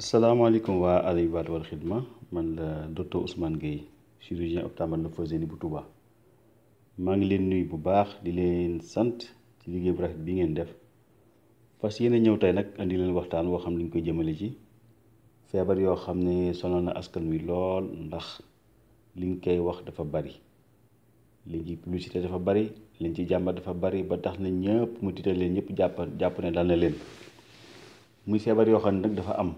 asalaamaaleykum waa Al Hibaadatu Wal Xidma man la docteur Ousmane Gueye chirurgien ophtalmo-physien bu Touba maa ngi leen nuyu bu baax di leen sant ci liggéey bu rafet bi ngeen def fas yéene ñëw tey nag andi leen waxtaan woo xam ne ñu koy jëmale ci feebar yoo xam ne sonal na askan wi lool ndax liñ koy wax dafa bari liñ ci publicité dafa bari liñ ci jàmbat dafa bari ba tax na ñëpp mu tiital leen ñëpp jàpp jàpp ne leen muy feebar yoo xam ne nag dafa am.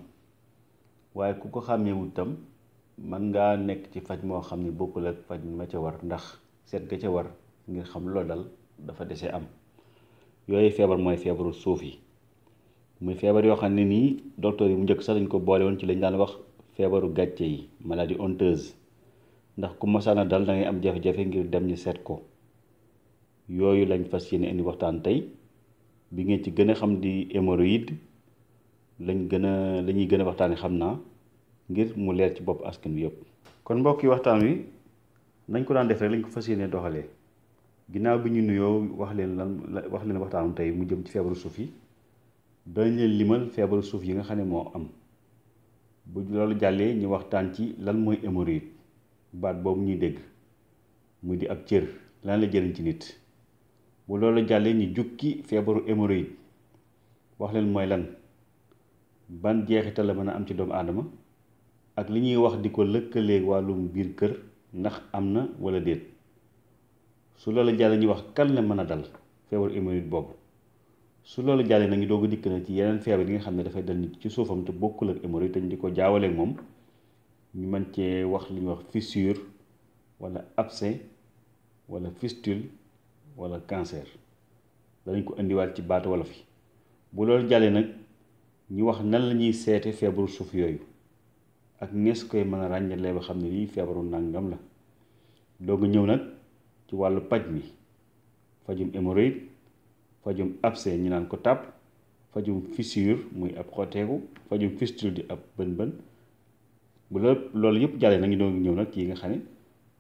waaye ku ko xàmmeewut tam mën ngaa nekk ci faj moo xam ni bokkul ak faj ma ca war ndax seet ga ca war ngir xam loo dal dafa dese am yooyu feebar mooy feebaru suuf yi muy feebar yoo xam ne nii docteur yi mu njëkk sax dañ ko boole woon ci lañ daan wax feebaru gàcce yi maladie honteuse ndax ku mosaan a dal da am jafe-jafe ngir dem ñu seet ko yooyu lañ fas yéene indi waxtaan tey bi ngeen ci gën a xam di hémorroïde lañ gën a la ñuy gën a waxtaanee xam naa ngir mu leer ci bopp askan bi yëpp. kon mbokk yi waxtaan wi nañ ko daan def rek lañ ko fas yéenee doxalee ginnaaw bi ñu nuyoo waxleen leen lan wax leen waxtaanu tey mu jëm ci feebaru suuf yi dañ leen limal feebaru suuf yi nga xam ne moo am bu loolu jàllee ñu waxtaan ci lan mooy hémorroïde baat boobu ñuy dégg mu di ak cër lan la jëriñ ci nit bu loolu jàllee ñu jukki feebaru hémorroïde wax leen mooy lan. ban jeexital la mën a am ci doomu aadama ak li ñuy wax di ko lëkkaleeg wàllum biir kër ndax am na wala déet su loolu jàll ñuy wax kan la mën a dal feebar immunité boobu su loolu jàllee nañu doog a dikk na ci yeneen feebar yi nga xam ne dafay dal nit ci suufam te bokkul ak hémorroïde te ñu di ko jaawaleeg moom ñu mën cee wax li ñuy wax fissure wala abcès wala fistule wala cancer danañ ko indiwaat ci baat wolof yi bu loolu jàllee nag. ñu wax nan la ñuy seete feebaru suuf yooyu ak nees koy mën a ràññalee ba xam ne lii feebaru nàngam la doog ñëw nag ci wàllu paj mi fajum hémorroïde fajum abcès ñu naan ko tàpp fajum fissure muy ab xoteeku fajum fistule di ab bën-bën bu la loolu yëpp jàllee nag ñu doog ñëw nag yi nga xam ne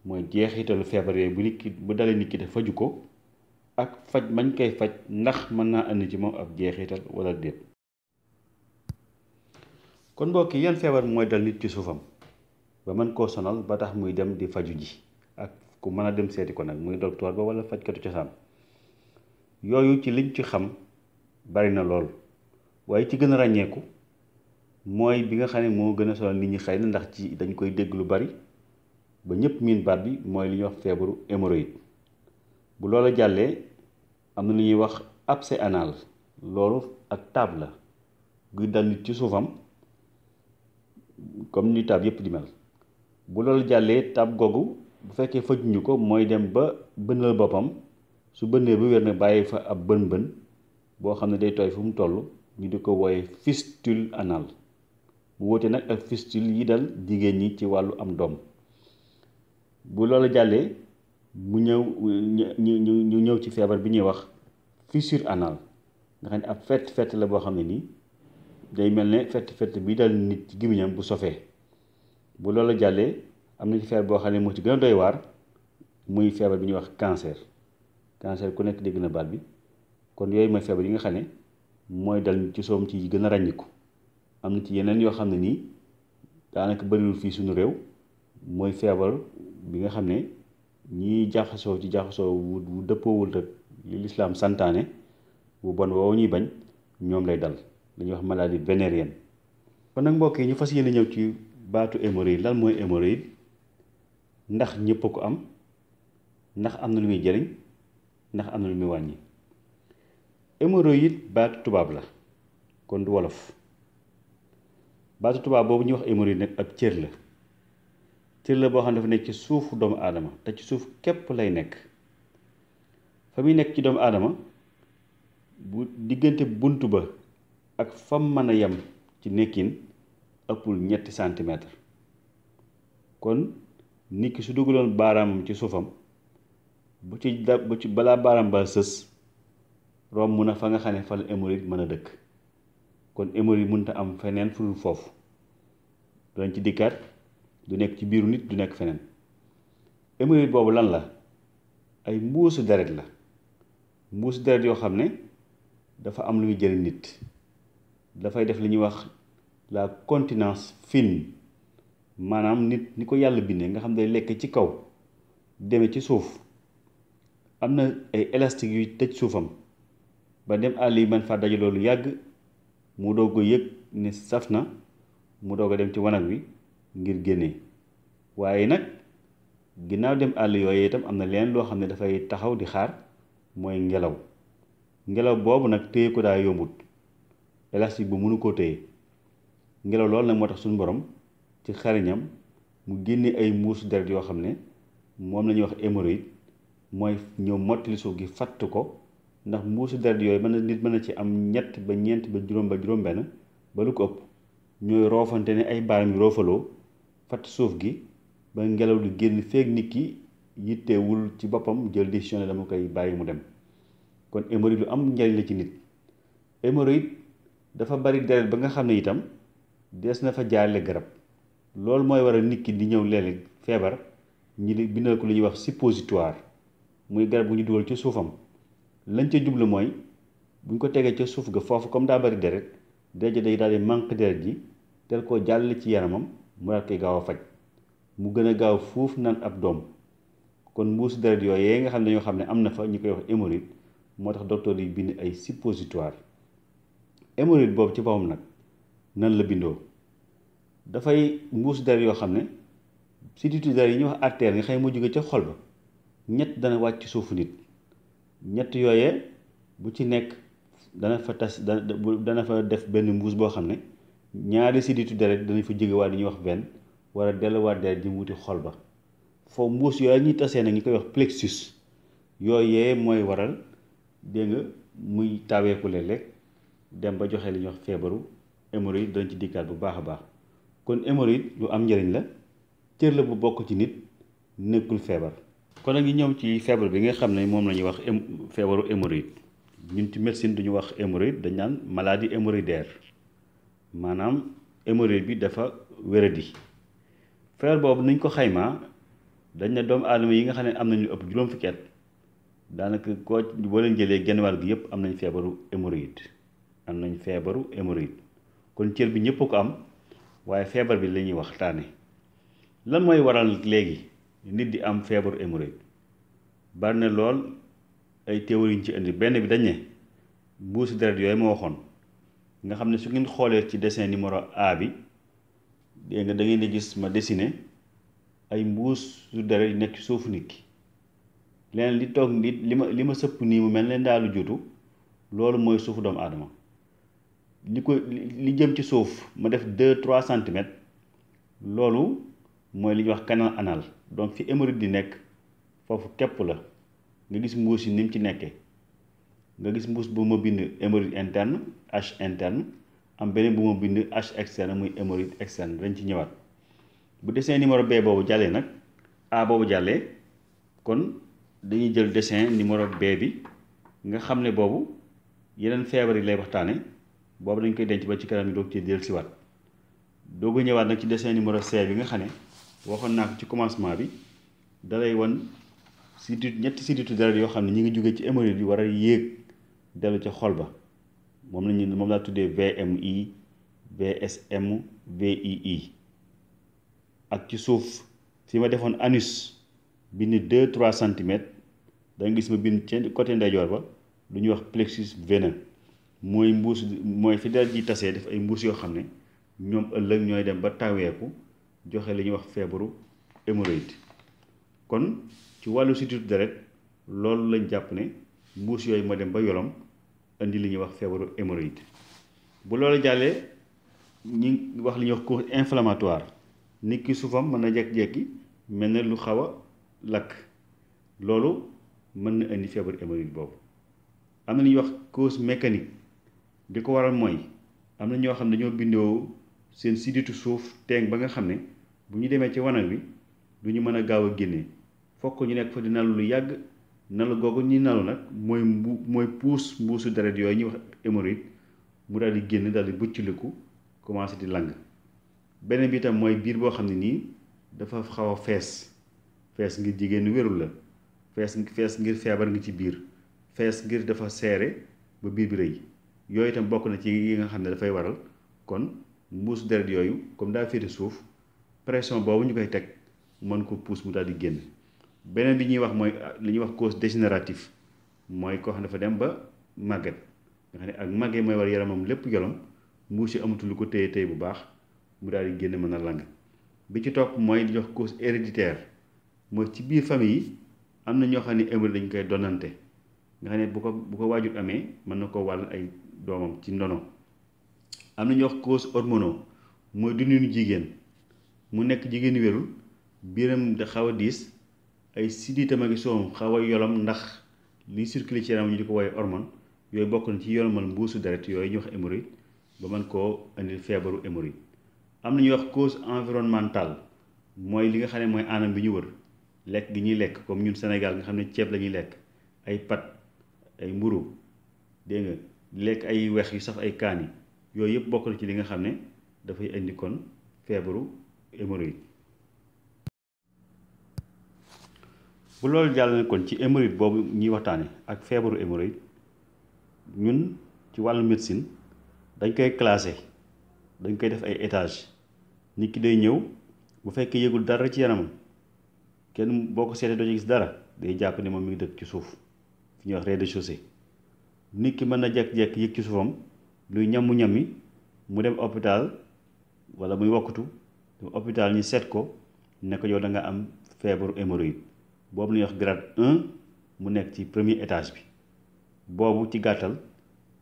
mooy jeexitalu feebar yooyu bu nit ki bu dalee nit ki faju ko ak faj mañ koy faj ndax mën naa indi ci moom ab jeexital wala déet kon mbokk yi yan feebar mooy dal nit ci suufam ba mën koo sonal ba tax muy dem di faju ji ak ku mën a dem seeti ko nag muy docteur ba wala fajkatu cosaan yooyu ci liñ ci xam bari na lool waaye ci gën a ràññeeku mooy bi nga xam ne moo gën a sonal nit ñi xay na ndax ci dañ koy dégg lu bari ba ñëpp miin baat bi mooy li ñuy wax feebaru hémorroïde bu loola jàllee am na lu ñuy wax abcès anal loolu ak taab la guy dal nit ci suufam comme ni taab yëpp di bu loolu jàllee taab googu bu fekkee fajuñu ko mooy dem ba bënnal boppam su bënnee bu wér na bàyyi fa ab bën-bën boo xam ne day tooy fu mu toll ñu di ko wooye fistule anal bu wóotee nag ak fistule yi dal jigéen ñi ci wàllu am doom bu loolu jàllee mu ñëw ñu ñëw ci feebar bi ñuy wax fissure anal nga xam ne ab fett fett la boo xam ne nii day mel ne fett fett bi dal nit ci gémmiñam bu sofee bu loolu jàllee am na ci feebar boo xam ne moo ci gën a waar muy feebar bi ñuy wax cancer cancer ku nekk dégg na baat bi kon yooyu mooy feebar nga xam ne mooy dal ci soom ci gën a ràññiku am na ci yeneen yoo xam ne nii daanaka bëriwul fii suñu réew mooy feebar bi nga xam ne ñiy jaxasoo ci jaxasoo wu dëppoowul rek li lislaam santaane bu bon woowu ñuy bañ ñoom lay dal lu ñuy wax maladie vénérienne kon nag mbokk yi ñu fas yéene ñëw ci baatu hémorroïde lan mooy hémorroïde ndax ñëpp ko am ndax am na lu muy jëriñ ndax am na lu muy wàññi yit baatu tubaab la kon du wolof baatu tubaab boobu ñuy wax hémorroïde nekk ab cér la cër la boo xam ne dafa nekk ci suuf doomu aadama te ci suuf képp lay nekk fa muy nekk ci doomu aadama bu diggante bunt ba ak fam mën a yem ci nekkin ëppul ñetti centimètre kon nit ki su dugaloon baaraamam ci suufam bu ci da bu ci balaa baaraam ba sës romb na fa nga xam ne fa la hémorroïde mën a dëkk kon hémorroïde mënta am feneen fu foofu dañ ci dikkaat du nekk ci biiru nit du nekk feneen hémorroïde boobu lan la ay mbuusu deret la mbuusu deret yoo xam ne dafa am lu muy jëriñ nit dafay def li ñuy wax la continence fine maanaam nit ni ko yàlla bindee nga xam ne day lekk ci kaw deme ci suuf am na ay élastique yu tëj suufam ba dem àll yi man faa daje lu yàgg mu dog ko yëg ne saf na mu dog a dem ci wanag wi ngir génnee waaye nag ginnaaw dem àll yooyu itam am na leen loo xam ne dafay taxaw di xaar mooy ngelaw ngelaw boobu nag téye ko daa yombut élastique bu mënu koo téye ngelaw loolu na moo tax suñu borom ci xariñam mu génne ay muus deret yoo xam ne moom la ñuy wax hémorroïde mooy ñëw mottali suuf gi fatt ko ndax muusu deret yooyu mën na nit mën na ci am ñett ba ñeent ba juróom ba juróom-benn ba lu ko ëpp ñooy roofante ne ay baaraam yu roofaloo fatt suuf gi ba ngelaw li génn feek nit ki yittewul ci boppam jël décision ne dama koy bàyyi mu dem kon hémorroïde lu am njariñ la ci nit dafa bari deret ba nga xam ne itam des na fa jaarale garab loolu mooy waral nit ki di ñëw léeg feebar ñi di bindal ko lu ñuy wax suppositoire muy garab gu ñu dugal ci suufam lañ ca juble mooy bu ñu ko tegee ca suuf ga foofu comme daa bari deret dereja day daal di manque deret ji tel koo jàll ci yaramam mu daal koy gaaw a faj mu gën a gaaw fuuf naan ab doom kon mbuusu deret yee nga xam ne ñoo xam ne am na fa ñu koy wax hémorroïde moo tax docteur yi bind ay suppositoire hémorroïde boobu ci boppam nag nan la bindoo dafay mbuus der yoo xam ne sutitu der yi ñuy wax artère nga xam ne moo jóge ca xol ba ñett dana wàcc ci suufu nit ñett yooyee bu ci nekk dana fa tas dana fa def benn mbuus boo xam ne ñaari siditu deret danañ fa jógewaat li ñuy wax benn war a delluwaat deret mu wuti xol ba foofu mbuus yooyu ñuy tasee nag ñu koy wax plexus yooyee mooy waral dégg nga muy taweeku léeg dem ba joxe li ñuy wax feebaru hémorroïde dañ ci dikkaat bu baax a baax kon hémorroïde yu am njëriñ la cër la bu bokk ci nit nekkul feebar. kon nag ñu ñëw ci feebar bi nga xam ne moom la ñuy wax feebaru hémorroïde ñun ci médecine du ñu wax hémorroïde dañ naan maladie hémorroïdaire maanaam hémorroïde bi dafa wéradi feebar boobu niñ ko xaymaa dañ ne doomu aadama yi nga xam ne am nañu ëpp juróom fukki at daanaka koo boo leen jëlee genn wàll gi yëpp am nañ feebaru hémorroïde. am nañ feebaru hémorroïde kon cër bi ñëpp ko am waaye feebar bi la ñuy waxtaane lan mooy waral léegi nit di am feebaru hémorroïde bari na lool ay théorie yu ci indi benn bi dañ ne mbuusi deret yooyu ma waxoon nga xam ne su ngeen xoolee ci dessin numéro A bi dégg nga da di gis ma dessiner ay mbuus su deret yu nekk ci suufu nit ki leneen li toog nit li ma li ma sëpp nii mu mel ne daalu juutu loolu mooy suufu doomu aadama li ko li jëm ci suuf ma def deux trois centimètres loolu mooy li ñuy wax canal anal donc fi hémorroïde di nekk foofu képp la nga gis mbuus yi ni mu ci nekkee nga gis mbuus bu ma bind hémorroïde interne H interne am beneen bu ma bind H externe muy hémorroïde externe dañ ci ñëwaat bu dessin numéro B boobu jàllee nag A boobu jàllee kon dañuy jël dessin numéro B bi nga xam ne boobu yeneen feebar yi lay waxtaane boobu dañ koy denc ba ci kanam yi doog ci dellusiwaat doogu ñëwaat nag ci dessin numéro C bi nga xam ne waxoon naa ko ci commencement bi dalay wan sidit ñetti siditu deret yoo xam ne ñu ngi jógee ci hémorroïde yi war a yéeg dellu ca xol ba moom lañu moom laa tuddee VMI VSM VII ak ci suuf fi ma defoon anus bind deux trois centimètres da nga gis ma bind ci côté ndeyjoor ba lu ñuy wax plexus veineux mooy mbuus mooy fi deret ji tasee def ay mbuus yoo xam ne ñoom ëllëg ñooy dem ba taweeku joxe li ñuy wax feebaru hémorroïde kon ci wàllu sutitu deret loolu lañ jàpp ne mbuus yooyu ma dem ba yolom indi li ñuy wax feebaru hémorroïde bu loolu jàllee ñi wax li ñuy wax cause inflammatoire nit ki suufam mën na jekki-jekki mel ne lu xaw a lakk loolu mën na indi feebaru hémorroïde boobu am na li wax cause mécanique di ko waral mooy am na ñoo xam ne dañoo bindoo seen siditu suuf teen ba nga xam ne bu ñu demee ci wanag wi du ñu mën a gaaw a génne fokk ñu nekk fa di nalu lu yàgg nalu googu ñu nalu nag mooy mbu mooy puus mbuusu deret yooyu ñuy wax hémorroïde mu daal di génn daal di bucciliku commencé di lang beneen bi itam mooy biir boo xam ne nii dafa xaw a fees fees ngir jigéen wérul la fees fees ngir feebar ngi ci biir fees ngir dafa seere ba biir bi rëy yooyu itam bokk na ci yi nga xam ne dafay waral kon mbuus deret yooyu comme daa féete suuf pression boobu ñu koy teg mën ko pousse mu daal di génn beneen bi ñuy wax mooy ah, li ñuy wax cause dégénérative mooy koo xam ne dafa dem ba màgget nga ak màgget mooy war yaramam lépp yolom mbuus yi amatul ko téye téye bu baax mu daal di génn mën a lang bi ci topp mooy li ñuy wax cause ci biir famille yi am na ñoo xam ne hémorroïde dañ koy donante nga xam ne bu ko bu ko waajur amee mën na ko wàll ay doomam ci ndono am na ñuy wax cause hormonaux mooy dundinu jigéen mu nekk jigéen wéru biiram da xaw a diis ay siddiitam ak soom xaw a yolam ndax li circulé ci yaram ñu di ko woowee hormone yooyu bokk na ci yolomal mbuusu deret yooyu ñu wax hémorroïde ba man koo indi feebaru hémorroïde am na ñu wax cause environnementale mooy li nga xam ne mooy anam bi ñu wër lekk gi ñuy lekk comme ñun senegal nga xam ne ceeb la ñuy lekk ay pat ay mburu dégg nga di lekk ay weex yu saf ay kaani yooyu yëpp bokk ci li nga xam ne dafay indi kon feebaru hémorroïde bu loolu jàll na kon ci hémorroïde boobu ñuy waxtaane ak feebaru hémorroïde ñun ci wàll médecine dañ koy classé dañ koy def ay étage nit ki day ñëw bu fekkee yëgul dara ci yaramam kenn boo ko seetee doo ci gis dara day jàpp ni moom mi ngi dëkk ci suuf fi ñuy wax rez de nit ki mën na jekk-jekk yëg ci suufam luy ñamu ñami mu dem hôpital wala muy wakkutu dem hôpital ñu seet ko nekk ko danga am feebaru hémorroïde boobu la wax grade 1 mu nekk ci premier étage bi boobu ci gàttal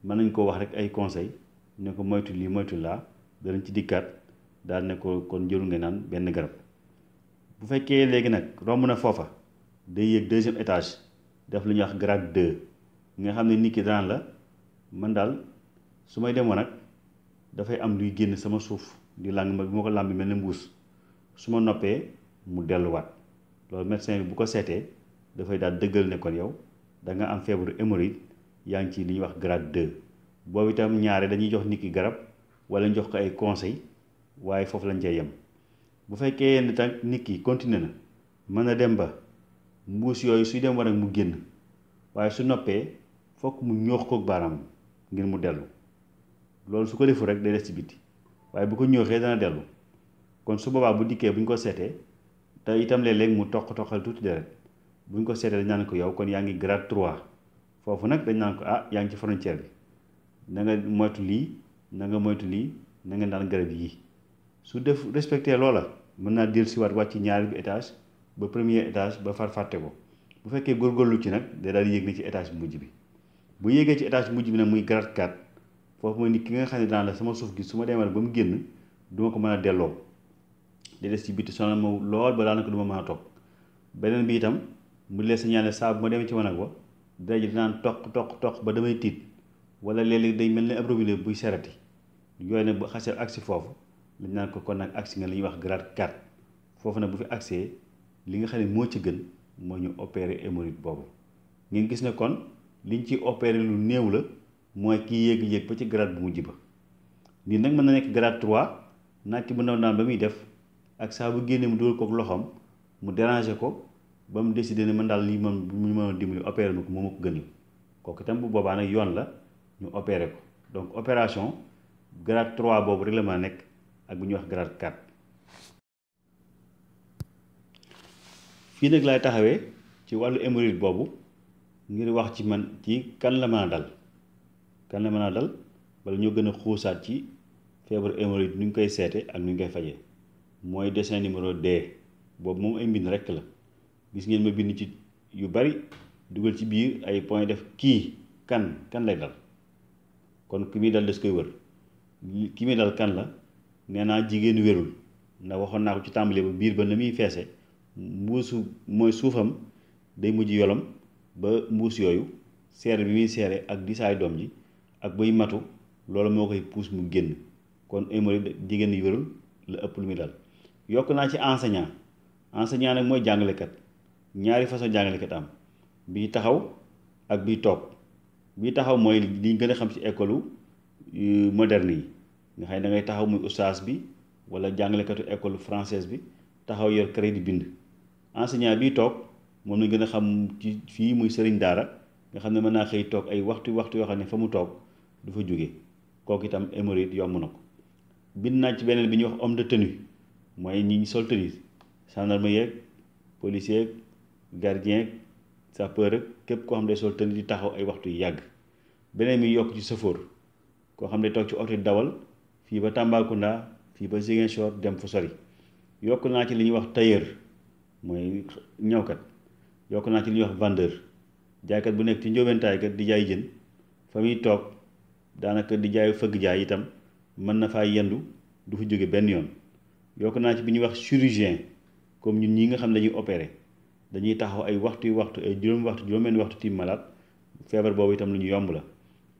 mën nañ ko wax rek ay conseil ne ko moytu lii moytu laa danañ ci dikkaat daal ne ko kon jëlu nga naan benn garab bu fekkee léegi nag romb na foofa de yéeg deuxième étage def lu ñuy wax grade 2 nga xam ne nit dana la man daal su may demoon nag dafay am luy génn sama suuf di làng ma bi ma ko làmbi mel ne mbuus su ma noppee mu delluwaat loolu médecin bu ko seetee dafay daal dëggal ne kon yow da am feebaru hémorroïde yaa ngi ci li ñuy wax grade 2 boo itam ñaare dañuy jox nikki garab wala ñu jox ko ay conseil waaye foofu lañ cay yem bu fekkee yenn tànk nit ki na mën na dem ba mbuus yooyu suy dem war ak mu génn waaye su noppee fokk mu ñoox kook baaraam ngir mu dellu loolu su ko deful rek day des ci biti waaye bu ko ñooxee dana dellu kon su boobaa bu dikkee bu ñu ko seetee te itam léeg-léeg mu toq toqal tuuti deret buñ ko seetee dañ naan ko yow kon yaa ngi grade trois foofu nag dañ naan ko ah yaa ngi ci frontière bi na nga moytu lii na nga moytu lii na nga daan garab yii su def respecté loola mën naa dir siwaat ci ñaari bi étage ba premier étage ba far fàtte ko bu fekkee góorgóorlu ci nag day daal di yéeg étage bu mujj bi bu yéegee ci étage mujj bi nag muy grade 4 foofu mooy ni ki nga xam ne daan la sama suuf gi su ma demal ba mu génn du ko mën a delloo di si ci biti sonal ma lool ba daanaka du ma mën a toog beneen bi itam mu lee signalé saa bu ma demee ci wanag wa dara ji dinaan toq toq toq ba damay tiit wala léeg dañ mel ni ab robinet buy serati yooyu nag bu xasee agsi foofu lañ naan ko kon nag agsi nga li ñuy wax grade 4 foofu nag bu fi agsee li nga xam ne moo ci gën moo ñu opéré hémorroïde boobu liñ ci opéré lu néew la mooy kii yéeg-yéeg ba ci grade bu mujj ba lii nag mën na nekk grade 3 naaj bu ndaw naan ba muy def ak saa bu génnee mu dugal kook loxoom mu déranger ko ba mu décidé ne man daal lii man mu mën a dimbali ma ko moo ma ko gënal kooku tam bu boobaana yoon la ñu opéré ko donc opération grade 3 boobu rek la ma nekk ak bu ñuy wax grade 4. fii nag lay taxawee ci wàllu hémorroïde boobu. ngir wax ci man ci kan la mën a dal kan la mën a dal bala ñoo gën a xuusaat ci feebar hémorroïde nu ñu koy seete ak nu ñu koy fajee mooy dessin numéro D boobu moom ay mbind rekk la gis ngeen ma bind ci yu bari dugal ci biir ay point def kii kan kan lay dal kon ki muy dal des koy wër ki muy dal kan la nee naa jigéen wérul ndax waxoon naa ko ci tàmbali ba biir ba na muy feese mbuusu mooy suufam day mujj yolom ba mbuus yooyu seere bi muy seere ak diisaayu doom ji ak buy matu loolu moo koy puus mu génn kon hémorroïde jigéen ñi wérul la ëpp lu muy dal yokk naa ci enseignant enseignant nag mooy jàngalekat ñaari façon jàngalekat am bii taxaw ak bii toog bii taxaw mooy li gën a xam ci école moderne yi nga xam ne da taxaw muy ustaas bi wala jàngalekatu école française bi taxaw yor crédit bind enseignant bi toog moom na gën a xam ci fii muy sëriñ daara nga xam ne mën naa xëy toog ay waxtu waxtu yoo xam ne fa mu toog du fa jóge kook itam hémorroïde yomb na ko bind naa ci beneen bi ñuy wax homme de tenue mooy ñi ñu sol tenue gendarme yeeg policier yeeg gardien sapeur képp koo xam ne sol di taxaw ay waxtu yu yàgg beneen mi yokk ci sëfoor koo xam ne toog ci oto dawal fii ba Tambacounda fii ba Ziguinchor dem fu yokk naa ci li ñuy wax tailleur mooy ñawkat yokk naa ci li ñuy wax vendeur jaaykat bu nekk ci njóobentaay kat di jaay jën fa muy toog daanaka di jaay fëgg jaay itam mën na faa yendu du fa jóge benn yoon yokk naa ci bi ñuy wax chirurgien comme ñun ñi nga xam ne dañuy opéré dañuy taxaw ay waxtu yu waxtu ay juróom waxtu juróom waxtu tiim malade feebar boobu itam lu ñu yomb la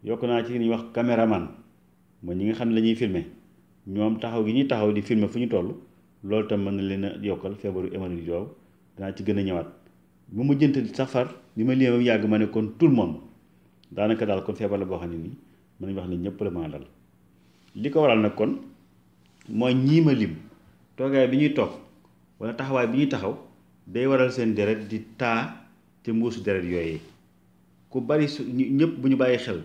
yokk naa ci li ñuy wax caméraman mooy ñi nga xam ne lañuy filmer ñoom taxaw gi ñuy taxaw di filmer fu ñu toll loolu tam mën na leen a yokkal feebaru hémorroïde yooyu ci gën a ñëwaat bu ma jëntal sax far li ma mu yàgg ma ne kon tout moom daanaka daal kon feebar la boo xam ne nii mën wax ne ñëpp la maa li ko waral nag kon mooy ñii ma lim toogaay bi ñuy toog walla taxawaay bi ñuy taxaw day waral seen deret di taa te mbuusu deret yooyee ku bari su ñëpp bu ñu bàyyi xel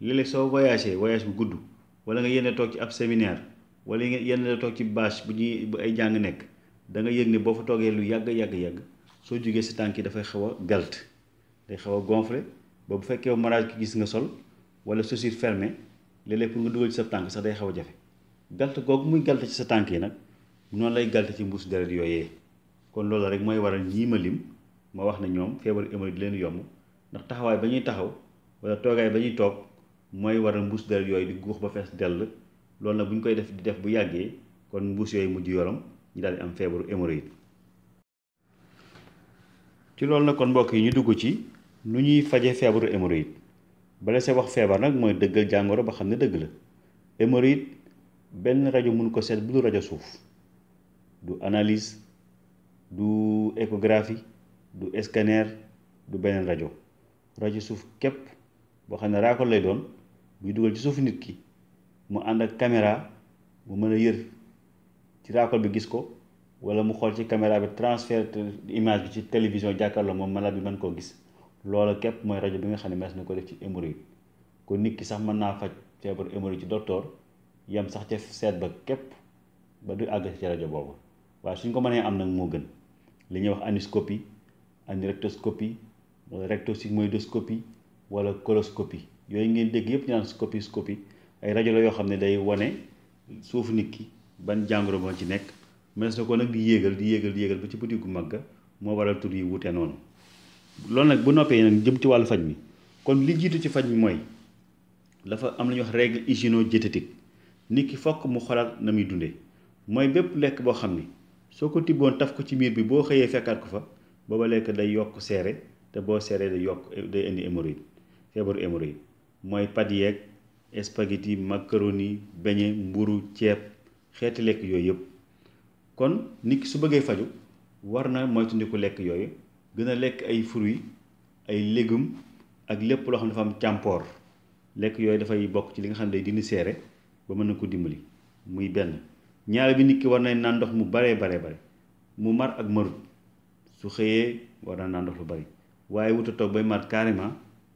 léeg-léeg soo voyagé voyage bu gudd walla nga yenn toog ci ab séminaire walla yenn toog ci bâche bu ñuy bu ay jàng nekk danga nga yëg ne boo fa toogee lu yàgg yàgg yàgg. soo jógee si tànk yi dafay xaw a galt day xaw a gonflé ba bu fekkee marage ki gis nga sol wala chaussure fermée léeg-léeg pour nga dugal ci sa tànk sax day xaw a jafe galt googu muy galt ci sa tànk yi nag noonu lay galt ci mbuus deret yooyee kon loolu rek mooy waral ñii ma lim ma wax ne ñoom feebar hémorroïde di leen yomb ndax taxawaay ba ñuy taxaw wala toogaay ba ñuy toog mooy waral mbuus deret yooyu di guux ba fees dell lool nag bu ñu koy def di def bu yàggee kon mbuus yooyu mujj yorom ñu daal di am feebaru hémorroïde ci loolu nag kon mbokk yi ñu dugg ci nu ñuy faje feebaru hémorroïde bala see wax feebar nag mooy dëggal jàngoro ba xam ne dëgg la hémorroïde benn rajo mun ko seet bu dul rajo suuf du analyse du échographie du scanner du beneen rajo rajo suuf képp boo xam ne raakol lay doon muy dugal ci suuf nit ki mu ànd ak caméra mu mën a yër ci raakol bi gis ko wala mu xool ci caméra bi transfert image bi ci télévision jàkkaarloo moom malade bi mën koo gis loola képp mooy rajo bi nga xam ne mees na ko def ci hémorroïde kon nit ki sax mën naa faj feebar hémorroïde ci docteur yem sax ca seet ba képp ba du àgg si rajo boobu waaye suñ ko mënee am nag moo gën li ñuy wax aniscopie anirectoscopie wala rectosigmoïdoscopie wala coloscopie yooyu ngeen dëgg yëpp ñu naan scopie scopie ay rajo la yoo xam ne day wane suuf nit ki ban jàngoro moo ci nekk. mënees na ko nag di yéegal di yéegal di yéegal ba ci butig gu mag moo waral tur yi wute noonu loolu nag bu noppee nag jëm ci wàllu faj mi kon li jiitu ci faj mi mooy dafa am la ñuy wax règle hygiéno-diététique nit ki fokk mu xoolaat na muy dundee mooy bépp lekk boo xam ni soo ko tibboon taf ko ci miir bi boo xëyee fekkaat ko fa booba lekk day yokk seere te boo seeree day yokk day indi hémorroïde feebaru hémorroïde mooy pâtes yeeg spaghetti macaroni beignet mburu ceeb xeeti lekk yooyu yëpp kon nit ki su bëggee faju war na moytandiku lekk yooyu gën a lekk ay furi ay légum ak lépp loo xam ne dafa am càmpoor lekk yooyu dafay bokk ci li nga xam ne day dindi seere ba mën na ko dimbali muy benn ñaar bi nit ki war na naa ndox mu baree baree bare mu mar ak marut su xëyee war na naan ndox lu bari waaye wut a toog bay mar carrément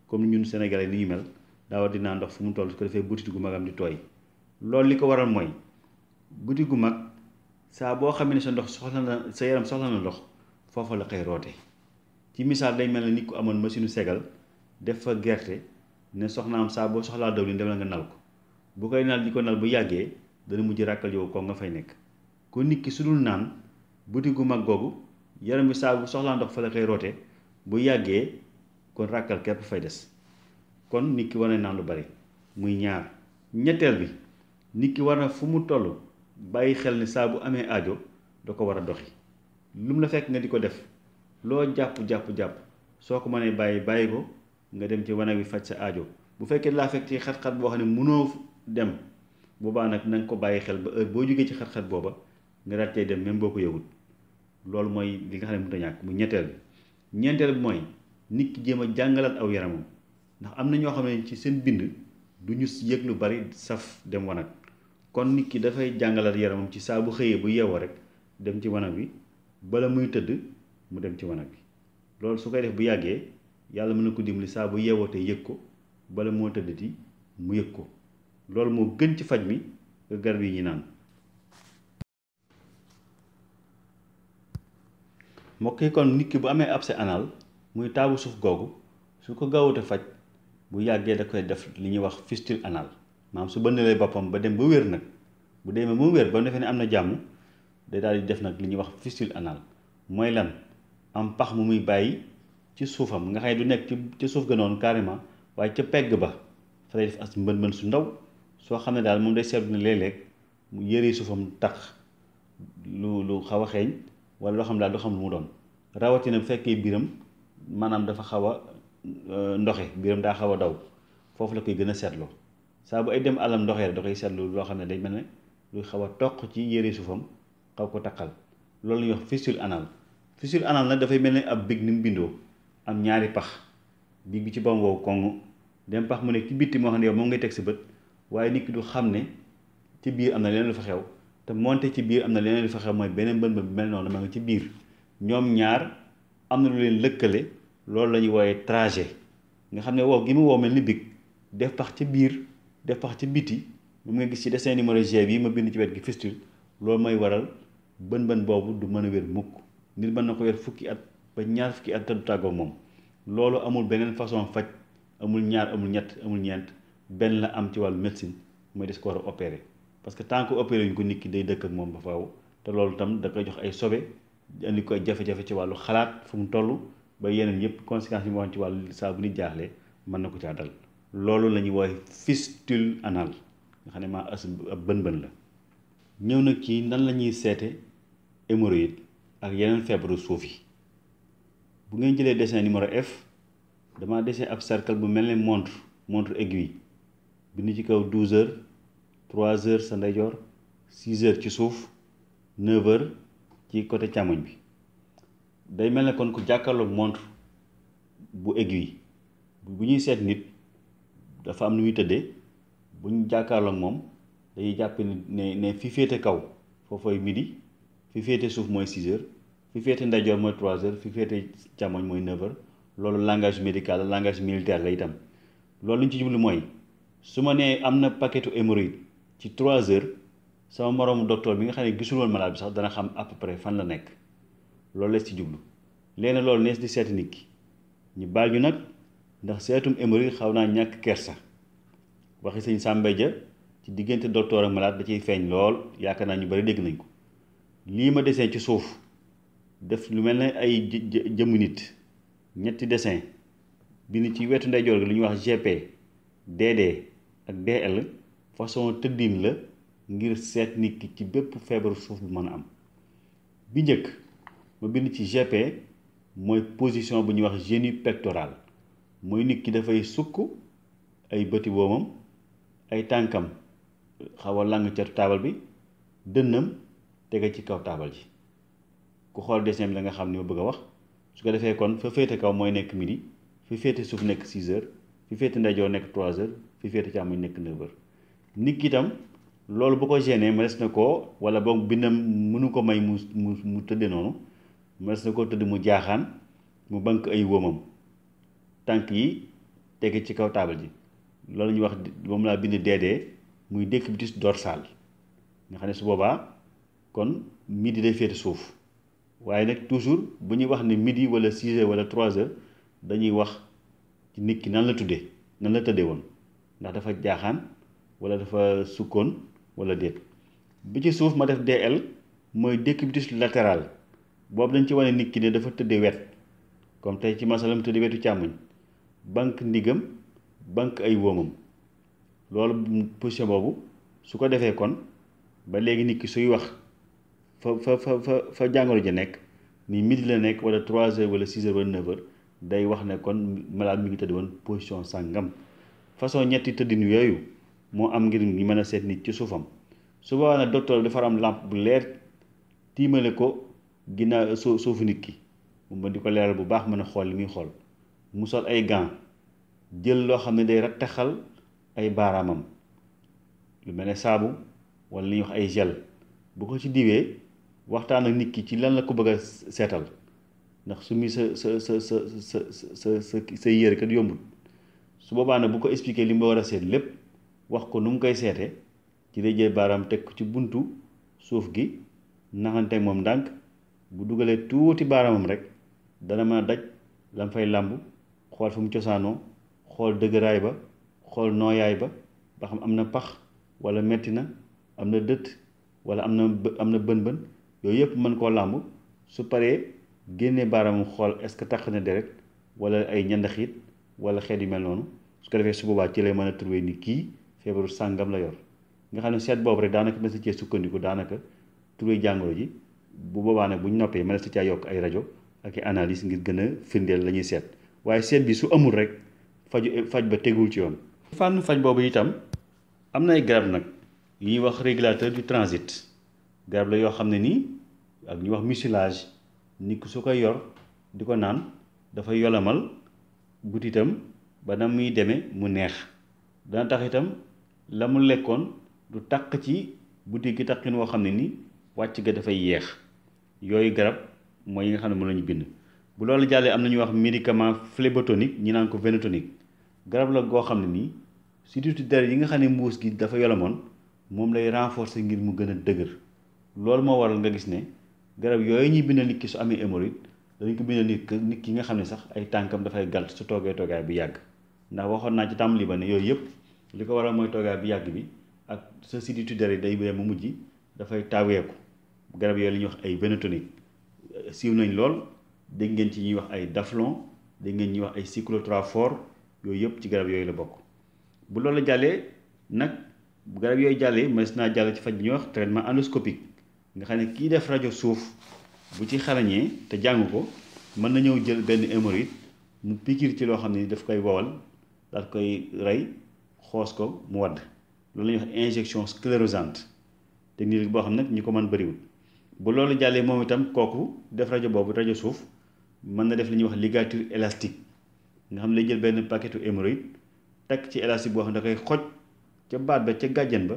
comme ñun Sénégalais ni ñu mel daa di naan ndox fu mu toll su ko defee butit gu magam di tooy loolu li ko waral mooy butit gu saa boo xamee ne sa ndox soxla na sa yaram soxla na ndox foofa la koy roote ci misaal day mel na nit ku amoon machine segal def fa gerte ne soxnaam saa boo soxlaa daw lin demal nga nal ko bu koy nal di ko nal bu yàggee dana mujj ràkkal yow ko nga fay nekk ko nit ki su dul naan buti gu mag googu yaram bi saa bu soxlaa ndox fa la koy roote bu yàggee kon ràkkal képp fay des kon nit ki war na naan lu bari muy ñaar ñetteel bi nit ki war na fu mu toll bàyyi xel ne saa bu amee ajo da ko war a doxi lum la fekk nga di ko def loo jàpp-jàpp-jàpp soo ko mënee bàyyi bàyyi ko nga dem ci wanag wi faj sa ajo bu fekkee laa fekk ci xat-xat boo xam ne mënoo dem boobaa nag na ko bàyyi xel ba heure boo jógee ci xat booba nga daal tey dem même boo ko yëgul loolu mooy li nga xam ne mënut a ñàkk mu ñetteel bi ñeenteel bi mooy nit ki jéem a jàngalaat aw yaramam ndax am na ñoo xam ne ci seen bind du ñu yëg lu bari saf dem wanag kon nit ki dafay jàngalaat yaramam ci saa bu xëyee bu yeewoo rek dem ci wanag wi bala muy tëdd mu dem ci wanag wi loolu su koy def bu yàggee yàlla mën na ko dimbali saa bu yeewoo te yëg ko bala moo tëdd tëddati mu yëg ko loolu moo gën ci faj mi garab yi ñu naan mbokk yi kon nit ki bu amee abcès anal muy taabu suuf googu su ko gaawut faj bu yàggee da koy def li ñuy wax fistule anal maam su bëndalee boppam ba dem ba wér nag bu demee mu wér ba defee ne am na jàmm de daal di def nag li ñuy wax fistule anal mooy lan am pax mu muy bàyyi ci suufam nga xam du nekk ci ci suuf ga noonu carrément waaye ca pegg ba fa lay def as mbën mbën su ndaw soo xam ne daal moom day seetlu ne léeg-léeg mu yëre suufam tax lu lu xaw a xeeñ walla loo xam daal du xam mu doon rawatina bu fekkee biiram maanaam dafa xaw a euh, ndoxe biram daa xaw a daw foofu la koy gën a seetloo saa bu ay dem àllam ndoxee da koy seetlu loo xam ne day mel ne luy xaw a toq ci yére suufam xaw ko taqal loolu la ñuy wax fistule anal fistule anal na dafay mel ne ab big ni mu bindoo am ñaari pax big bi ci bam wow koŋŋ dem pax mu ne ci bitti moo xam ne sa bët waaye nit ki xam ne ci biir am na leneen lu fa xew te moonte ci biir am na leneen lu fa xew mooy beneen bën ba mel noonu ma nga ci biir ñoom ñaar am na lu leen lëkkale loolu la ñuy wooyee trajet nga xam ne wow gi mu wow mel ni big def pax ci biir def pax ci biti moom nga gis ci dessin numéro G bi ma bind ci wet gi fistule loolu mooy waral bën-bën boobu du mën a wér mukk nit mën na ko wér fukki at ba ñaar fukki at te du moom loolu amul beneen façon faj amul ñaar amul ñett amul ñeent benn la am ci wàllu médecine mooy des ko war a opérer parce que tant que opéré yu ko nit ki day dëkk ak moom ba faaw te loolu tam da koy jox ay sobe andi ko ay jafe-jafe ci wàllu xalaat fu mu toll ba yeneen yëpp conséquences yi mu wax ci wàllu saa bu nit jaaxlee mën na ko caa dal. loolu la ñuy woowe fistule anal nga xam ne maa as ab bën-bën la ñëw nag kii nan la ñuy seete hémorroïde ak yeneen feebaru suuf yi bu ngeen jëlee dessin numéro F dama dese ab cercle bu mel ne montre montre aiguille bind ci kaw 12 heures 3 heures sa ndeyjoor 6 heures ci suuf 9 heures ci côté càmmoñ bi day mel ne kon ku jàkkaarloog montre bu aiguille bu ñuy seet nit dafa am nu muy tëddee bu ñu jàkkaarloo moom dañuy jàpp ne ne fi féete kaw foofooy midi fi féete suuf mooy six heures fi féete ndeyjoor mooy trois heures fi féete càmmoñ mooy 9 loolu langage médical la langage militaire la itam loolu li ñu ci jublu mooy su ma nee am na paquetu hémorroïde ci trois heures sama moroomu docteur bi nga xam ne gisul woon malade bi sax dana xam à peu près fan la nekk loolu lees ci jublu léegi nag loolu nees di seeti nit ki ñu baal ñu nag. ndax seetum émeri xaw naa ñàkk kersa waxi sëñ Samba Dia ci diggante docteur ak da ciy feeñ lool yaakaar naa ñu bari dégg nañ ko lii ma dessin ci suuf def lu mel ne ay jëmmu nit ñetti dessin bind ci wetu ndeyjoor gi lu ñuy wax GP DD ak DL façon tëddin la ngir seet nit ki ci bépp feebaru suuf bu mën a am bi njëkk ma bind ci GP mooy position bu ñuy wax génie pectoral mooy nit ki dafay sukk ay bëti woomam ay tànkam xaw a làng catu taabal bi dënnam tege ci kaw taabal ji ku xool dessin bi la nga xam ni ma bëgg a wax su ko defee kon fa féete kaw mooy nekk midi fi féete suuf nekk 6 heures fi féete ndeyjoor nekk trois heures fi féete càmmoñ nekk 9 heures nit ki itam loolu bu ko génnee mënees na koo wala boog bindam mënu ko may mu mu mu tëdde noonu mënees na koo tëdd mu jaaxaan mu bank ay woomam tànk yi tege ci kaw taabal ji loolu ñuy wax moom laa bind DD muy décubitus dorsal nga xam ne su boobaa kon midi day féete suuf waaye nag toujours bu ñuy wax ne midi wala 6 heures wala trois heures dañuy wax ci nit ki nan la tuddee nan la tëddee woon ndax dafa jaaxaan wala dafa sukkoon wala déet bi ci suuf ma def el mooy décubitus latéral boobu dañ ci wane nikki ki ne dafa tëddee wet comme tey ci la masalam tëddee wetu càmmoñ banque ndigam banque ay wóomam loolu position boobu su ko defee kon ba léegi nit ki suy wax fa fa fa fa fa jàngoro ji nekk ni midi la nekk wala trois heures wala 6 heures wala 9 day wax ne kon malade mi ngi tëdd woon position sàngam façon ñetti tëddin yooyu moo am ngir ñu mën a seet nit ci suufam su boobaa nag docteur dafa am làmp bu leer tiimale ko ginnaaw suufu nit ki mu di ko leeral bu baax mën a xool li muy xool. mu ay gan jël loo xam ne day rattaxal ay baaraamam lu mel ne saabu wala li wax ay gel bu ko ci diwee waxtaan ak nit ki ci lan la ko bëgg a seetal ndax su mi sa sa sa sa sa sa sa yére kat yombul su boobaa nag bu ko expliquer li mu war a seet lépp wax ko nu mu koy seete ci lay jël baaraam teg ko ci buntu suuf gi naxante moom ndànk bu dugalee tuuti baaraamam rek dana ma a daj lam fay làmb xool fu mu cosaanoo xool dëgëraay ba xool nooyaay ba ba xam am na pax wala metti na am na dëtt wala am na am na bën-bën yooyu yëpp mën koo làmb su paree génnee baaraamam xool est-ce que taq na derek wala ay ñandaxit wala xeet yu mel noonu su ko defee su boobaa ci lay mën a trouver ni kii feebaru sàngam la yor nga xam ne seet boobu rek daanaka mën si cee sukkandiku daanaka trouver jàngoro ji bu boobaa nag bu ñu noppee mën si caa yokk ay rajo ak i ngir gën a firndeel la ñuy seet waaye seet bi su amul rek faj faj ba tegul ci yoon. fànn faj boobu itam am na ay garab nag li ñuy wax régulateur du transit garab la yoo xam ne nii ak ñuy wax mucilage nit ku su ko yor di ko naan dafay yolamal butitam ba na muy demee mu neex dana tax itam la mu lekkoon du taq ci buti gi taqin woo xam ne nii wàcc ga dafay yeex yooyu garab mooy yi nga xam ne moom la ñu bind. bu loolu jàllee am na ñuy wax médicament phlébotonique ñi naan ko vénotonique garab la goo xam ne nii surtout deret yi nga xam ne mbuus gi dafa yolomoon moom lay renforcer ngir mu gën a dëgër loolu moo waral nga gis ne garab yooyu ñuy bindal nit su amee hémorroïde dañ ko bindal nikk nit ki nga xam ne sax ay tànkam dafay gàtt su toogee toogaay bu yàgg ndax waxoon naa ci tàmbali ba ne yooyu yëpp li ko waral mooy toogaay bu yàgg bi ak sa sidditu deret day bu mu mujj dafay taaweeku garab yooyu la ñuy wax ay vénotonique siiw nañ lool dégg ngeen ci ñuy wax ay daflon dégg ngeen ñuy wax ay cyclotrophore yooyu yëpp ci garab yooyu la bokk bu loolu jàllee nag bu garab yooyu jàllee mës naa jàll ci faj bi ñuy wax traitement endoscopique nga xam ne kii def rajo suuf bu ci xarañee te jàng ko mën na ñëw jël benn hémorroïde mu pikiir ci loo xam ne daf koy wowal daal koy rey xoos ko mu wadd loolu la ñuy wax injection sclérosante technique boo xam nag ñi ko mën bëriwul bu loolu jàllee moom itam kooku def rajo boobu rajo suuf mën na def li ñuy wax ligature élastique nga xam ne lay jël benn paquetu hémorroïde takk ci élastique boo xam ne da xoj ca baat ba ca gàjjan ba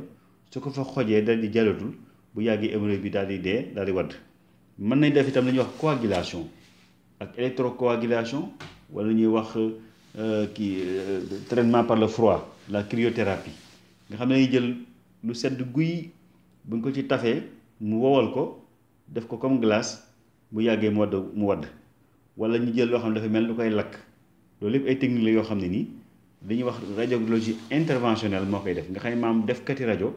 su ko fa xojee dal di jàllatul bu yàggee hémorroïde bi daal di dee daal di wadd mën nañ def itam li ñuy wax coagulation ak électrocoagulation wala ñuy wax euh, kii euh, traitement par le froid la cryothérapie nga xam ne dañuy jël lu sedd guy bu ñu ko ci tafee mu wowal ko def ko comme glace bu yàggee mu wadd mu wadd wala ñu jël loo xam ne dafa mel nu koy lakk loolu yëpp ay technique yoo xam ne nii li dañuy wax radiologie interventionnelle moo koy def nga xam ne maam defkati rajo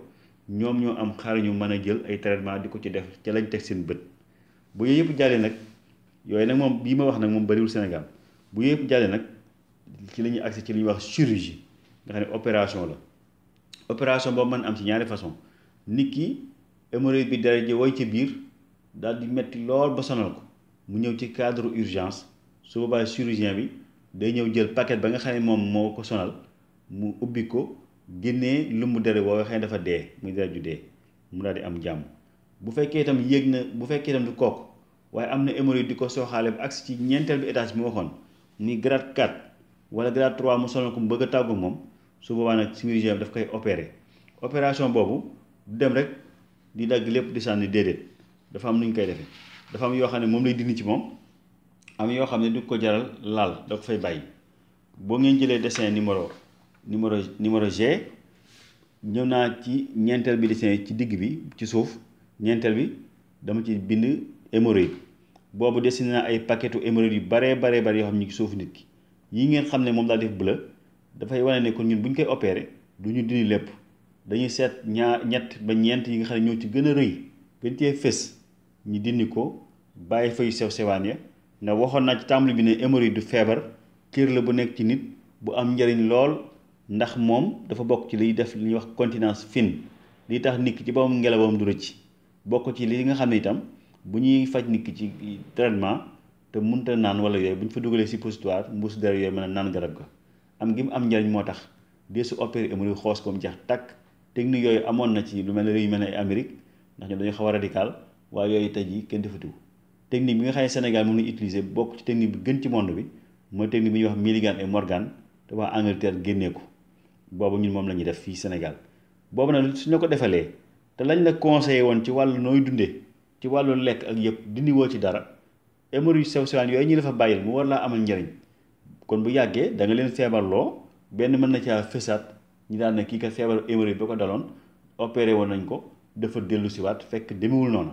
ñoom ñoo am xaar ñu mën a jël ay traitement di ko ci def ca lañ teg seen bët bu yooyu yëpp jàllee nag yooyu nag moom bii ma wax nag moom bariwul Sénégal bu yooyu yëpp jàllee nag ci la ñuy accès ci li ñuy wax chirurgie nga xam ne opération la opération boobu mën am ci ñaari façon nit ki hémorroïde bi dara ji woy biir daal di metti lool ba sonal ko mu ñëw ci cadre urgence su boobaa chirurgien bi day ñëw jël paquet ba nga xam ne moom moo ko sonal mu ubbi ko génnee lu mu dere woo nga xam ne dafa dee muy deret ju dee mu daal di am jàmm bu fekkee itam yéeg na bu fekkee itam du kooku waaye am na hémorroïde di ko sooxaale ba agsi ci ñeenteel bi étage bi mu waxoon muy grade 4 wala grade 3 mu sonal ko mu bëgg a tàggu moom su boobaa nag chirurgien bi daf koy opérer opération boobu du dem rek di dagg lépp di sànni déedéet dafa am nu ñu koy defee dafa am yoo xam ne moom lay dindi ci moom am yoo xam ne du ko jaral laal da ko fay bàyyi boo ngeen jëlee dessin numéro numéro numéro G ñëw naa ci ñeenteel bi dessin ci digg bi ci suuf ñeenteel bi dama ci bind hémorroïde boobu dessiné naa ay paquetu hémorroïde yu baree baree bari yoo xam ne ñu ngi nit ki yi ngeen xam ne moom daal def bula dafay wane ne kon ñun bu ñu koy opeere du ñu dindi lépp dañuy seet ñaar ñett ba ñeent yi nga xam ne ñoo ci gën a rëy gën cee fës ñi dindi ko bàyyi fa yu sew sewaan ya ne waxoon naa ci tàmbali bi ne hémorroïde du feebar cër la bu nekk ci nit bu am njëriñ lool ndax moom dafa bokk ci liy def li ñuy wax continence fine li tax nit ci ci boppam ngelawam du rëcc bokk ci li nga xam ne itam bu ñuy faj nit ki ci traitement te munta naan wala yooyu bu ñu fa dugalee suppositoire mbuus dara yooyu mën a naan garab ga am gi mu am njariñ moo tax dee su opéré hémorroïde xoos ko mu jeex takk technique yooyu amoon na ci lu mel ne réew yu mel ne Amérique ndax ñoom dañu xaw a radical waaye yooyu tey jii kenn defatiwu technique bi nga xam ne Sénégal moom la utiliser bokk ci technique bi gën ci monde bi mooy technique bi ñu wax Milligan et Morgan te waa Angleterre génnee ko boobu ñun moom la ñuy def fii Sénégal boobu nag suñ la ko defalee te lañ la conseillé woon ci wàllu nooy dundee ci wàllu lekk ak yëpp dindi woo ci dara sew sexuelles yooyu ñu dafa bàyyil mu war laa amal njariñ kon bu yàggee da nga leen feebarloo benn mën na caa fësaat ñu daan ne kii kat feebar hémorroïde ba ko daloon opéré woon nañ ko dafa dellu siwaat fekk demewul noonu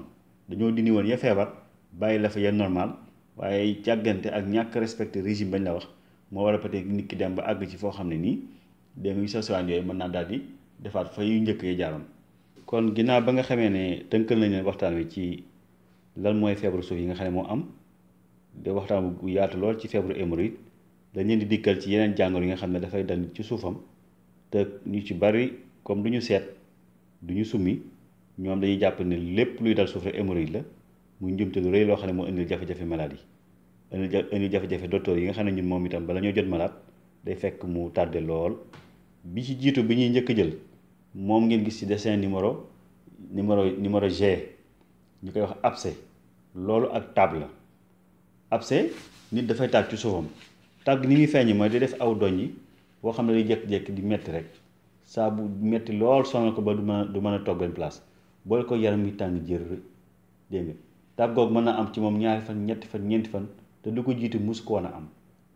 dañoo dindi woon ya feebar bàyyi la fa ya normal waaye càggante ak ñàkk respecté régime bañ la wax moo war a peut nit ki dem ba àgg ci foo xam ne nii dem yu sosaan yooyu mën naa daal di defaat fa yu njëkk yi jaaroon. kon ginnaaw ba nga xamee ne tënkal nañ leen waxtaan wi ci lan mooy feebaru suuf yi nga xam ne moo am de waxtaan bu yaatu lool ci feebaru hémorroïde dañ leen di dikkal ci yeneen jàngoro yi nga xam ne dafay dal ci suufam te ñu ci bari comme du ñu seet du ñu ñoom dañuy jàpp ne lépp luy dal suuf rek la muy njumte lu rëy loo xam ne moo indil jafe-jafe malade yi indil jafe-jafe docteur yi nga xam ne moom itam bala ñoo jot malade day fekk mu tàdde lool bi ci jiitu bi ñuy njëkk jël moom ngeen gis ci dessin numéro numéro numéro G ñu koy wax abcès loolu ak tab la abcès nit dafay taab ci suufam taab gi ni muy feeñ mooy di def aw doñ yi boo xam ne day jékki-jékki di metti rek saa bu metti lool sonal ko ba du mën du mën a toog benn place boole ko yaram wi tàng jër dégg nga tab mën na am ci moom ñaari fan ñetti fan ñeenti fan te du ko jiitu mus ko war a am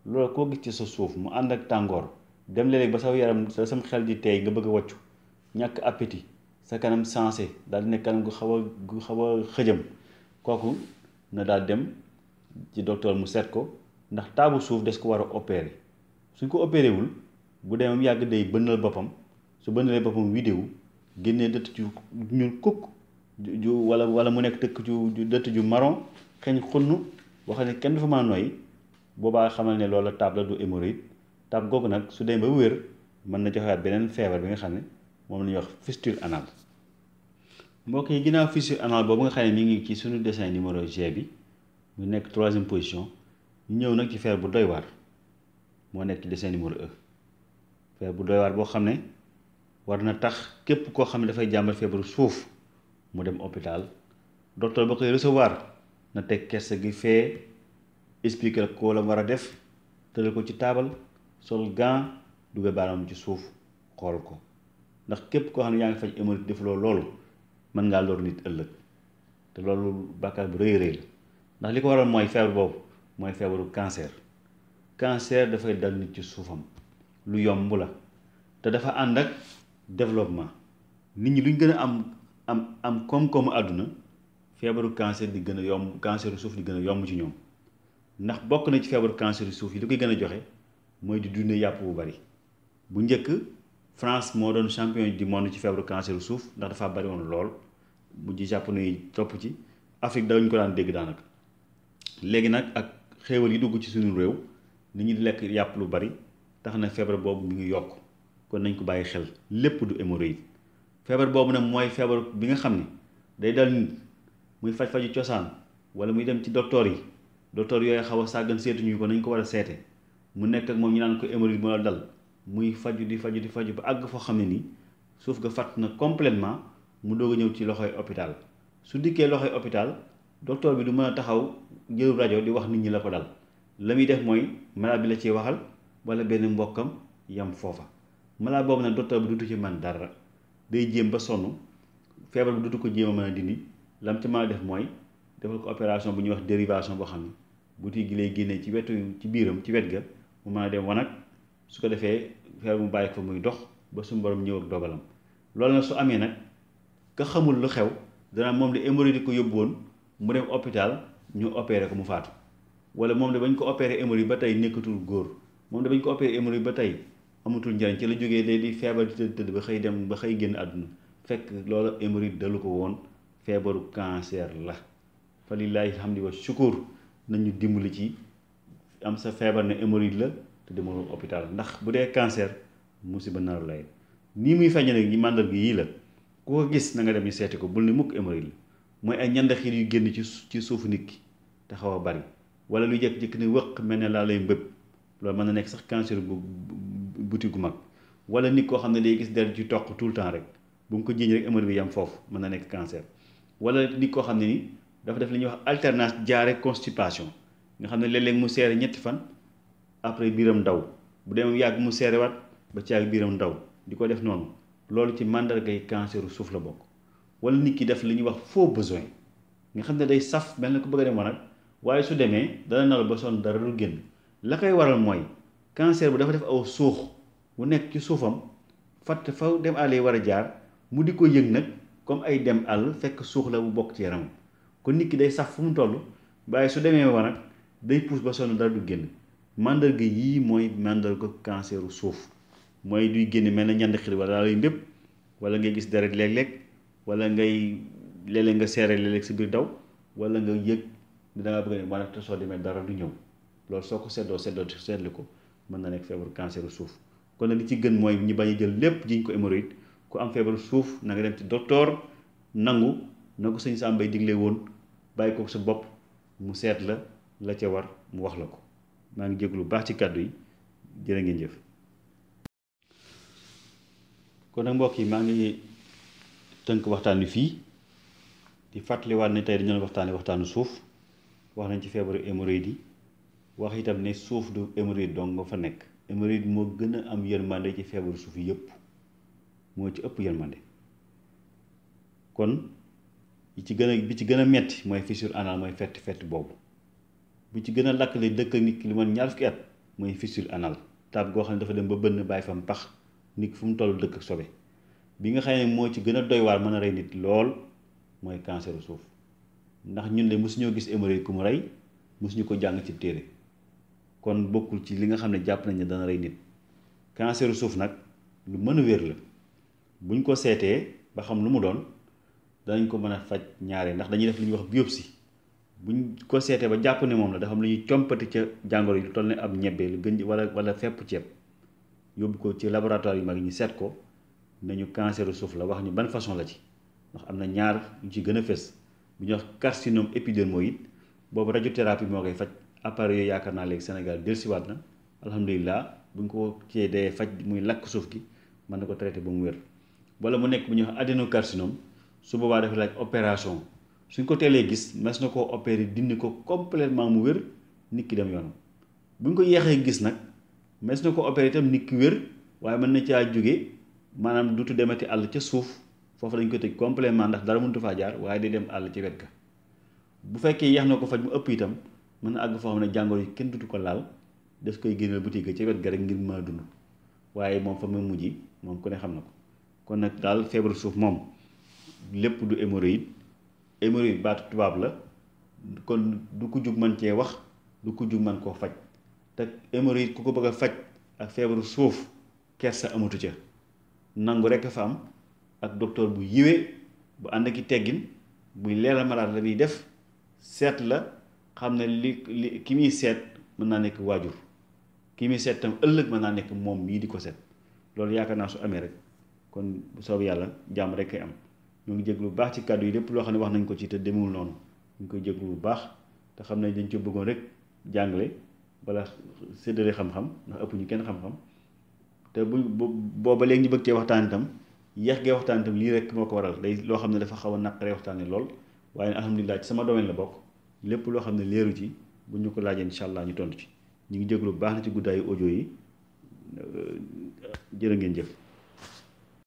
loolu koo gis ci sa suuf mu ànd ak tàngoor dem léeg ba sa yaram sa sam xel di tey nga bëgg a wàccu ñàkk appétit sa kanam sensé daal di ne kanam gu xaw a gu xaw a xëjam kooku na daal dem ci docteur mu seet ko ndax taabu suuf des ko war a opéré suñ ko opéré bu bu demee yàgg day bënnal boppam su bënnalee boppam vidéo génnee dëtt ju ñuul kukk ju wala wala mu nekk dëkk ju ju dëtt ju marron xeeñ xunn boo xam ne kenn du fa mën a boobaa xamal ne loola taab la du hémorroïde taab googu nag su dem ba wér mën na joxewaat beneen feebar bi nga xam ne moom la ñuy wax fistule anal mbokk yi ginnaaw fistule anal boobu nga xam ne mi ngi ci suñu dessin numéro G bi ñu nekk troisième position ñëw nag ci feer bu doy waar moo nekk ci dessin numéro e. feer bu doy waar boo xam ne war na tax képp koo xam ne dafay jàmbat feebaru suuf mu dem hôpital docteur ba koy recevoir na teg kersa gi fee expliquer la ko war a def tëral ko ci taabal sol gant dugge baaraam ci suuf xool ko ndax képp koo xam ne yaa ngi faj émorite defuloo loolu mën ngaa loolu nit ëllëg te loolu bàkkaar bu rëy rëy la ndax li ko waral mooy feebar boobu mooy feebaru cancer cancer dafay dal nit ci suufam lu yomb la te dafa ànd ak développement nit ñi lu gën a am am am koom-koomu àdduna feebaru cancer di gën a yomb canceru suuf di gën a yomb ci ñoom ndax bokk na ci feebaru canceru suuf yi li koy gën a joxe mooy di dundee yàpp bu bari bu njëkk France moo doon champion du monde ci feebaru canceru suuf ndax dafa bari woon lool bu jàpp japonais yi topp ci Afrique dañu ko daan dégg daanaka léegi nag ak xéewal yi dugg ci suñu réew nit ñi di lekk yàpp lu bari tax na feebar boobu mu ngi yokk kon nañ ko bàyyi xel lépp du hémorroïde feebar boobu nag mooy feebaru bi nga xam ni day dal nit muy faj-faju cosaan wala muy dem ci docteur yi docteur yooyu xaw a sàggan seetuñu ko nañ ko war a seete mu nekk ak moom ñu naan ko hémorroïde mu la dal muy faju di faju di faju ba àgg foo xam ne nii suuf ga fàtt na complètement mu doog a ñëw ci loxoy hôpital su dikkee loxoy hôpital docteur bi du mën a taxaw jëlub rajo di wax nit ñi la ko dal la muy def mooy malade bi la ciy waxal wala benn mbokkam yam foofa malade boobu nag docteur bi dutu ci man dara day jéem ba sonn feebar bi dutu ko jéem a mën a dindi lam ci mën a def mooy defal ko opération bu ñuy wax dérivation boo xam ne butit gi lay génnee ci wetu ci biiram ci wet ga mu mën a dem wanag su ko defee feebar mu bàyyi ko muy dox ba suñu borom ñëw ak dogalam loolu nag su amee nag ka xamul lu xew dana moom de hémorroïde di ko yóbbu woon mu dem hôpital ñu opéré ko mu faatu wala moom de bañ ko opéré hémorroïde ba tey nekkatul góor moom de bañ ko opéré hémorroïde ba tey amatul njariñ ci la jógee léegi feebar di tëdd tëdd ba xëy dem ba xëy génn àdduna fekk loola hémorroïde dalu ko woon feebaru cancer la fa lillaahi alhamdi wa shukur nañu dimbali ci am sa feebar ne hémorroïde la te demoon hôpital ndax bu dee cancer musiba naru lay nii muy feeñe gi ñi màndal gi yii la ku ko gis na nga dem ñu seeti ko bul ni mukk hémorroïde la mooy ay ñandaxiir yu génn ci ci suufu nit ki te xaw a bari wala lu jekk-jekk ne wëq mel ne laa lay mbëb loolu mën na nekk sax cancer bu boutique gu mag wala nit koo xam ne day gis deret ci toq tout le temps rek bu mu ko jiiñ rek hémorroïde bi yam foofu mën na nekk cancer wala nit koo xam ne ni dafa def li ñuy wax alternance jaare constipation nga xam ne léeg mu seere ñetti fan après biiram ndaw bu demee yàgg mu seerewaat ba ci yàgg biiram ndaw di ko def noonu loolu ci màndargay canceru suuf la bokk wala nit ki def li ñuy wax faux besoin nga xam ne day saf mel na ko bëgg a dem wanag waaye su demee dana nelaw ba sonn dara du génn la koy waral mooy cancer bu dafa def aw suux bu nekk ci suufam fatt fa dem àll yi war a jaar mu di ko yëg nag comme ay dem àll fekk suuf la bu bokk ci yaramam kon nit ki day sax fu mu toll waaye su demee ba nag day puus ba sonn dara du génn màndarga yii mooy màndarga canceru suuf mooy duy génn mel na ñand xir wala lay mbépp wala ngay gis deret léeg-léeg wala ngay léeg nga seere léeg-léeg sa biir daw wala nga yëg da nga bëgg ne maanaam te soo demee dara du ñëw loolu soo ko seddoo seddoo seetli ko mën na nekk feebaru canceru suuf kon nag li ci gën mooy ñu bañ a jël lépp jiñ ko hémorroïde ku am feebaru suuf na nga dem ci nangu na ko sëñ Sàmbay woon bàyyi ko sa bopp mu seet la la ca war mu wax la ko maa ngi jéglu baax ci kàddu yi jërë ngeen jëf kon nag mbokk yi maa ngi tënk waxtaan wi fii di fàttaliwaat ne tey dañu waxtaane waxtaanu suuf wax nañ ci feebaru hémorroïde yi wax itam ne suuf du hémorroïde dong nga fa nekk hémorroïde moo gën a am yërmande ci feebaru suuf yëpp moo ci ëpp yërmande kon yi ci gën a bi ci gën a metti mooy fissure anale mooy fett fett boobu bi ci gën a lakkale dëkk nit ki li man ñaar fukki at mooy fissure anale taab goo xam ne dafa dem ba bënn bàyyi fam pax nit fu mu toll dëkk sobe bi nga xam ne moo ci gën a doy waar mën a rey nit lool mooy canceru suuf ndax ñun de mosuñoo gis hémorroïde ku mu rey mosuñu ko jàng ci téere kon bokkul ci li nga xam ne jàpp nañ dana rey nit canceru suuf nag lu mën a wér la buñ ko seetee ba xam lu mu doon danañ ko mën a faj ñaare ndax dañuy def li ñuy wax biopsie buñ ko seetee ba jàpp ne moom la dafa am lu ñuy compati ca jàngoro yi lu toll ne ab ñebbe lu gën wala wala fepp ceeb yóbbu ko ci laboratoire yu mag ñu seet ko nañu canceru suuf la wax ñu ban façon la ci ndax am na ñaar yu ci gën a fes bu ñuy wax carcinome épidermoïde boobu radiothérapie moo koy faj appareil yooyu yaakaar naa léegi Sénégal dellusiwaat na alhamdulilah bu ñu ko cee dee faj muy lakk suuf gi mën na ko traité ba mu wér. wala mu nekk bu ñuy wax adénocarcinome su boobaa dafa laaj opération suñ ko teelee gis mas na koo opéré dindi ko complètement mu wér nit ki dem yoonam bu ñu ko yeexee gis nag mas na ko opéré itam nit ki wér waaye mën na caa jóge maanaam dutu demati àll ca suuf. foofu lañ ko tëj complément ndax dara mënut faa jaar waaye day dem àll ci wet ga bu fekkee yeex na ko faj mu ëpp itam mën na àgg foo xam ne jàngoro yi kenn dutu ko laal des koy génneel boutique ga wet ga rek ngir mën a dund waaye moom fa mu mujj moom ko ne xam na ko kon nag daal feebaru suuf moom lépp du hémorroïde hémorroïde baatu tubaab la kon du ko jug man cee wax du ko jug man koo faj te hémorroïde ku ko bëgg a faj ak feebaru suuf kersa amatu ca nangu rek fa am ak docteur bu yiwee bu ànd ki teggin buy leeral malade la muy def seet la xam ne li li ki muy seet mën naa nekk waajur ki muy seet tam ëllëg mën naa nekk moom mii di ko set loolu yaakaar naa su amee rek kon bu soobee yàlla jàmm rek kay am ñu ngi jéglu bu baax ci kàddu yi lépp loo xam ne wax nañ ko ci te demul noonu ñu ngi koy bu baax te xam ne dañ ci bëggoon rek jàngale wala séddale xam-xam ndax ëpp ñu kenn xam-xam te bu booba léegi ñu bëgg cee waxtaan itam yeex gee waxtaan itam lii rek moo ko waral day loo xam ne dafa xaw a naqaree waxtaanee lool waaye alhamdulilah ci sama domaine la bokk. lépp loo xam ne leeru ci bu ñu ko laajee incha allah ñu tontu ci ñu ngi jégalu lu baax na ci guddaayu audio yi jërë ngeen jëf.